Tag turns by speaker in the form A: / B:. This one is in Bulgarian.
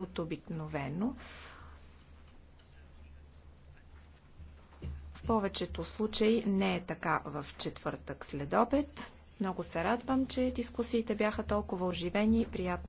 A: от обикновено. В повечето случаи не е така в четвъртък след обед. Много се радвам, че дискусиите бяха толкова оживени и приятни.